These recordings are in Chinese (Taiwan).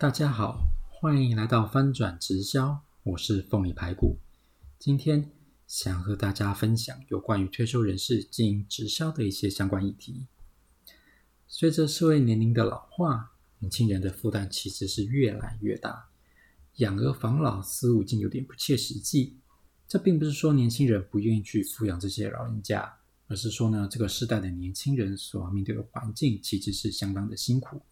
大家好，歡迎來到翻轉直銷，我是鳳梨排骨。今天想和大家分享有關於退休人士經營直銷的一些相關議題。隨着社會年齡的老化，年輕人的負擔其實是越來越大。養兒防老似乎已經有點不切實際。這並不是說年輕人不願意去撫養這些老人家，而是說呢，這個時代的年輕人所面對的環境其實是相當的辛苦，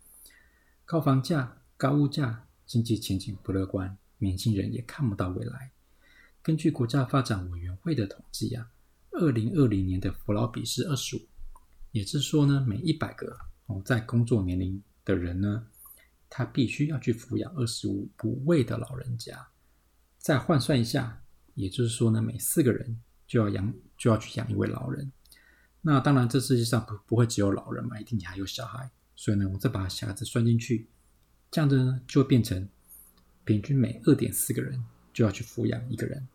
高房價。高物價，經濟前景不樂觀，年輕人也看不到未來。根據國家發展委員會的統計啊，二零二零年的扶老比是二十五，也就是說呢，每一百個哦在工作年齡的人呢，他必須要去撫養二十五不位的老人家。再換算一下，也就是說呢，每四個人就要養，就要去養一位老人。那當然，這世界上不不會只有老人嘛，一定還有小孩。所以呢，我們再把小孩子算進去。這樣的呢，就會變成平均每二點四個人就要去撫養一個人，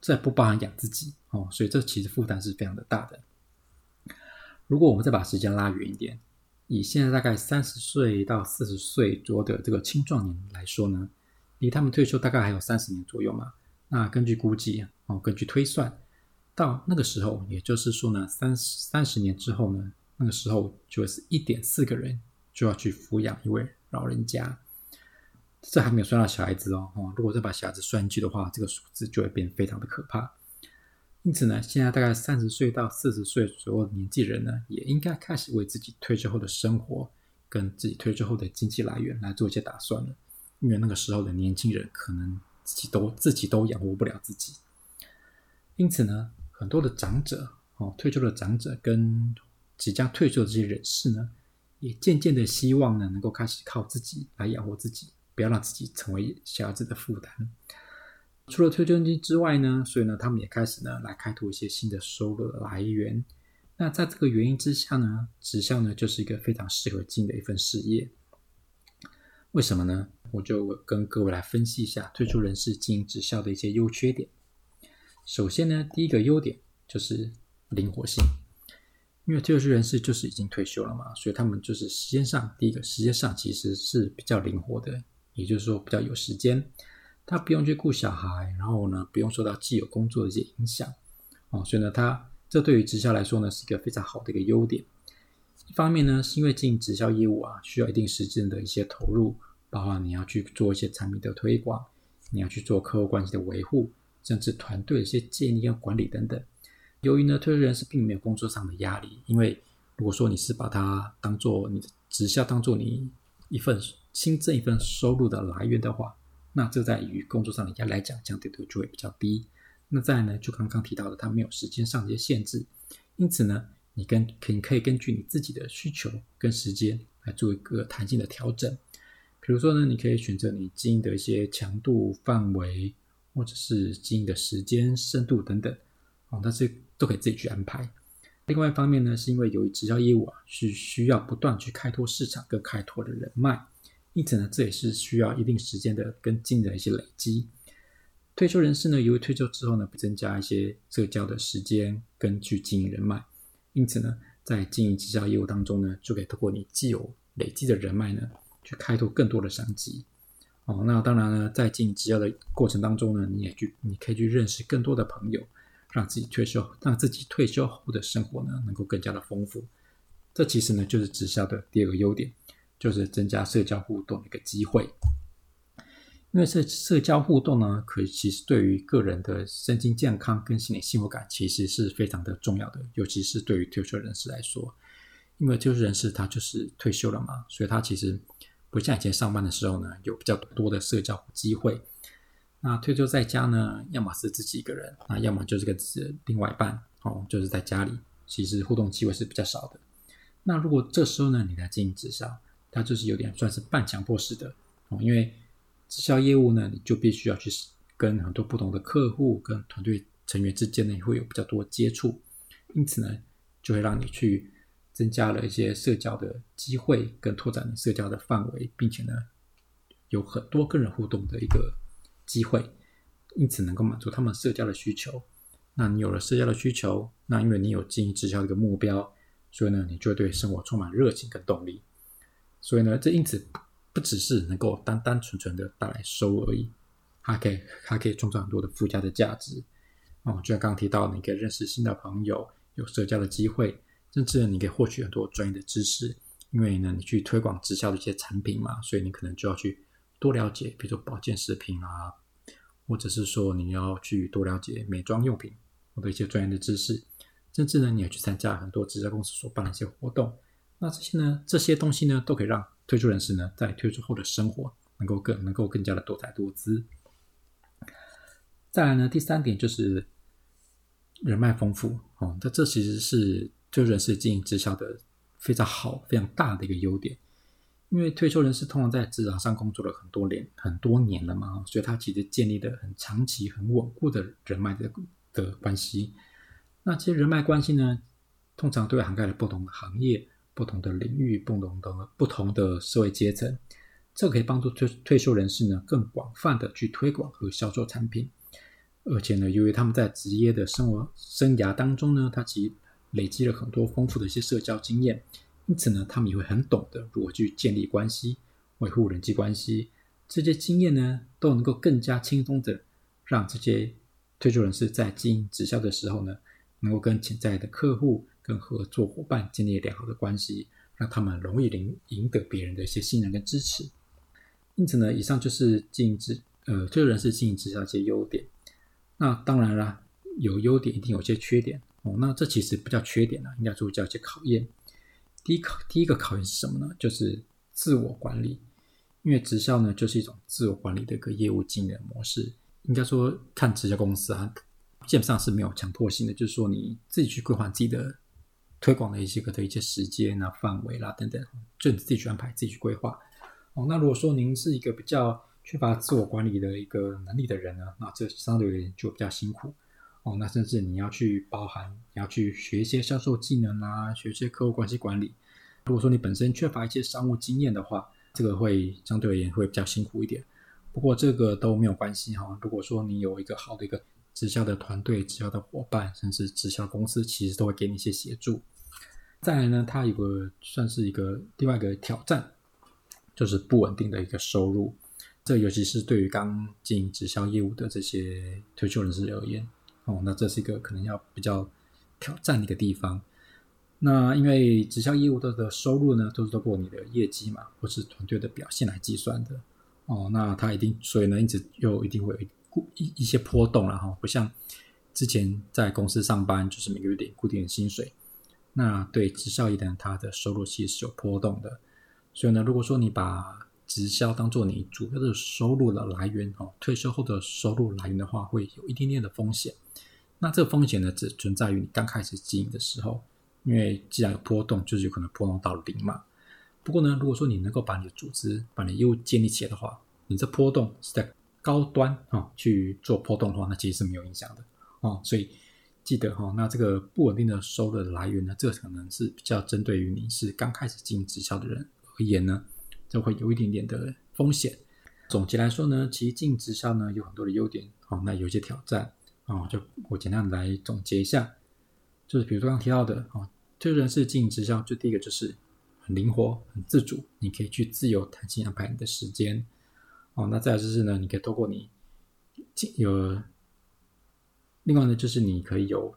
這不包含養自己哦，所以這其實負擔是非常的大的。如果我們再把時間拉遠一點，以現在大概三十歲到四十歲左右的這個青壯年來說呢，離他們退休大概還有三十年左右嘛。那根據估計啊，哦，根據推算，到那個時候，也就是說呢，三三十年之後呢，那個時候就會是一點四個人就要去撫養一位。老人家，這還沒有算到小孩子哦。哦，如果再把小孩子算進去的話，這個數字就會變得非常的可怕。因此呢，現在大概三十歲到四十歲左右的年紀人呢，也應該開始為自己退休後的生活跟自己退休後的經濟來源來做一些打算了。因為那個時候的年輕人可能自己都自己都養活不了自己。因此呢，很多的長者哦，退休的長者跟即將退休的這些人士呢。也漸漸的希望呢，能夠開始靠自己來養活自己，不要讓自己成為小孩子的負擔。除了退休金之外呢，所以呢，他們也開始呢來開拓一些新的收入的來源。那在這個原因之下呢，直銷呢就是一個非常適合進的一份事業。為什麼呢？我就跟各位來分析一下，退休人士經營直銷的一些優缺點。首先呢，第一個優點就是靈活性。因為退休人士就是已經退休了嘛，所以他們就是時間上，第一個時間上其實是比較靈活的，也就是說比較有時間，他不用去顧小孩，然後呢，不用受到既有工作的一些影響，哦，所以呢，他這對於直銷來說呢是一個非常好的一個優點。一方面呢是因為經營直銷業務啊，需要一定時間的一些投入，包括你要去做一些產品的推廣，你要去做客戶關係的維護，甚至團隊一些建議跟管理等等。由於呢，退休人士並沒有工作上的壓力，因為如果說你是把它當做你的直銷，當做你一份新增一份收入的來源的話，那這在於工作上的壓力來講，相對度就會比較低。那再來呢，就剛剛提到的，它沒有時間上的一些限制，因此呢，你跟你可以根據你自己的需求跟時間來做一個彈性的調整。比如說呢，你可以選擇你經營的一些強度範圍，或者是經營的時間深度等等。哦，但是都可以自己去安排。另外一方面呢，是因為由於直銷業務啊，是需要不斷去開拓市場跟開拓的人脈。因此呢，這也是需要一定時間的跟進的一些累積。退休人士呢，由於退休之後呢，會增加一些社交的時間跟去經營人脈。因此呢，在經營直銷業務當中呢，就可以透過你既有累積的人脈呢，去開拓更多的商機。哦，那當然呢，在經營直銷的過程當中呢，你也去，你可以去認識更多的朋友。讓自己退休，讓自己退休後的生活呢，能夠更加的豐富。這其實呢，就是直銷的第二個優點，就是增加社交互動的一個機會。因為社社交互動呢，可其實對於個人的身心健康跟心理幸福感，其實是非常的重要的。尤其是對於退休人士來說，因為退休人士他就是退休了嘛，所以他其實不像以前上班的時候呢，有比較多的社交機會。那退休在家呢，要麼是自己一個人，那要麼就是跟自己的另外一半，哦，就是在家裡，其實互動機會是比較少的。那如果這時候呢，你來進行直銷，它就是有點算是半強迫式的哦，因為直銷業務呢，你就必須要去跟很多不同的客戶跟團隊成員之間呢，會有比較多接觸，因此呢，就會讓你去增加了一些社交的機會，跟拓展社交的範圍，並且呢，有很多個人互動的一個機會，因此能夠滿足他們社交的需求。那你有了社交的需求，那因為你有經營直銷的一個目標，所以呢，你就會對生活充滿熱情跟動力。所以呢，這因此不只是能夠單單純純的帶來收入而已，它可以還可以創造很多的附加的價值。哦，就像剛剛提到，你可以認識新的朋友，有社交的機會，甚至你可以獲取很多專業的知識。因為呢，你去推廣直銷的一些產品嘛，所以你可能就要去。多了解，比如說保健食品啊，或者是說你要去多了解美妝用品，或者一些專業的知識，甚至呢，你要去參加很多直銷公司所辦的一些活動。那這些呢，這些東西呢，都可以讓退休人士呢，在退休後的生活能夠更能夠更加的多彩多姿。再來呢，第三點就是人脈豐富哦，那這其實是退休人士經營直銷的非常好、非常大的一個優點。因為退休人士通常在職場上工作了很多年，很多年了嘛，所以他其實建立的很長期，很穩固的人脈的的關係。那其實人脈關係呢，通常都涵蓋了不同的行業、不同的領域、不同的不同的社會階層。這可以幫助退退休人士呢，更廣泛的去推廣和銷售產品。而且呢，由於他們在職業的生活生涯當中呢，他其實累積了很多豐富的一些社交經驗。因此呢，他們也會很懂得如何去建立關係、維護人際關係，這些經驗呢，都能夠更加輕鬆的讓這些退休人士在經營直銷的時候呢，能夠跟潛在的客戶、跟合作夥伴建立良好的關係，讓他們容易贏贏得別人的一些信任跟支持。因此呢，以上就是經營直呃退休人士經營直銷的一些優點。那當然啦，有優點一定有些缺點哦。那這其實不叫缺點啦，應該說叫一些考驗。第一考，第一個考驗是什麼呢？就是自我管理，因為直銷呢，就是一種自我管理的一個業務經營模式。應該說，看直銷公司啊，基本上是沒有強迫性的，就是說你自己去規劃自己的推廣的一些個的一些時間啊、範圍啦等等，就你自己去安排、自己去規劃。哦，那如果說您是一個比較缺乏自我管理的一個能力的人呢、啊，那這相對有點就比較辛苦。哦，那甚至你要去包含，你要去學一些銷售技能啊，學一些客戶關係管理。如果說你本身缺乏一些商務經驗的話，這個會相對而言會比較辛苦一點。不過這個都沒有關係哈。如果說你有一個好的一個直銷的團隊、直銷的夥伴，甚至直銷公司，其實都會給你一些協助。再來呢，它有個算是一個另外一個挑戰，就是不穩定的一個收入。這尤其是對於剛進直銷業務的這些退休人士而言。哦，那這是一個可能要比較挑戰的一個地方。那因為直銷業務的的收入呢，都是透過你的業績嘛，或是團隊的表現來計算的。哦，那它一定，所以呢，一直又一定會有一一,一些波動了哈、哦。不像之前在公司上班，就是每個月領固定的薪水。那對直銷業的，它的收入其實是有波動的。所以呢，如果說你把直銷當做你主要的收入的來源哦，退休後的收入來源的話，會有一點點的風險。那這個風險呢，只存在於你剛開始經營的時候，因為既然有波動，就是有可能波動到零嘛。不過呢，如果說你能夠把你的組織、把你的業務建立起來的話，你這波動是在高端啊、哦、去做波動的話，那其實是沒有影響的哦。所以記得哈、哦，那這個不穩定的收入的來源呢，這個、可能是比較針對於你是剛開始經營直銷的人而言呢。就會有一點點的風險。總結來說呢，其實經營直銷呢，有很多的優點，好、哦，那有一些挑戰啊、哦，就我簡單來總結一下，就是比如說剛剛提到的啊，退休、哦、人士經營直銷，就第一個就是很靈活、很自主，你可以去自由彈性安排你的時間，哦，那再來就是呢，你可以透過你進有，另外呢就是你可以有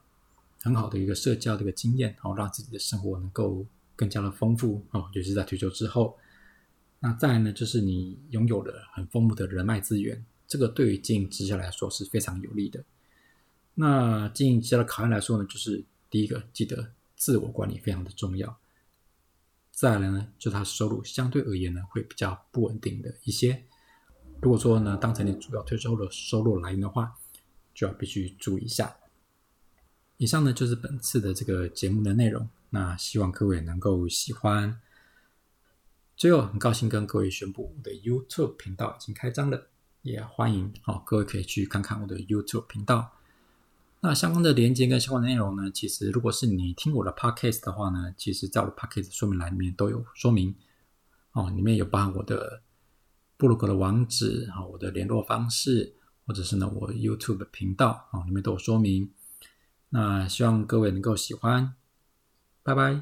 很好的一個社交的一個經驗，然、哦、後讓自己的生活能夠更加的豐富哦，尤、就、其是在退休之後。那再來呢，就是你擁有了很豐富的人脈資源，這個對於經營直銷來說是非常有利的。那經營直銷的考驗來說呢，就是第一個，記得自我管理非常的重要。再來呢，就是它收入相對而言呢，會比較不穩定的一些。如果說呢，當成你主要退休的收入來源的話，就要必須注意一下。以上呢，就是本次的這個節目的內容，那希望各位能夠喜歡。最後，很高興跟各位宣布，我的 YouTube 頻道已經開張了，也、yeah, 歡迎哦，各位可以去看看我的 YouTube 頻道。那相關的連接跟相關的內容呢，其實如果是你聽我的 Podcast 的話呢，其實在我的 Podcast 說明欄裡面都有說明哦，裡面有包含我的部落格的網址啊、哦，我的聯絡方式，或者是呢我的 YouTube 頻道啊、哦，裡面都有說明。那希望各位能夠喜歡，拜拜。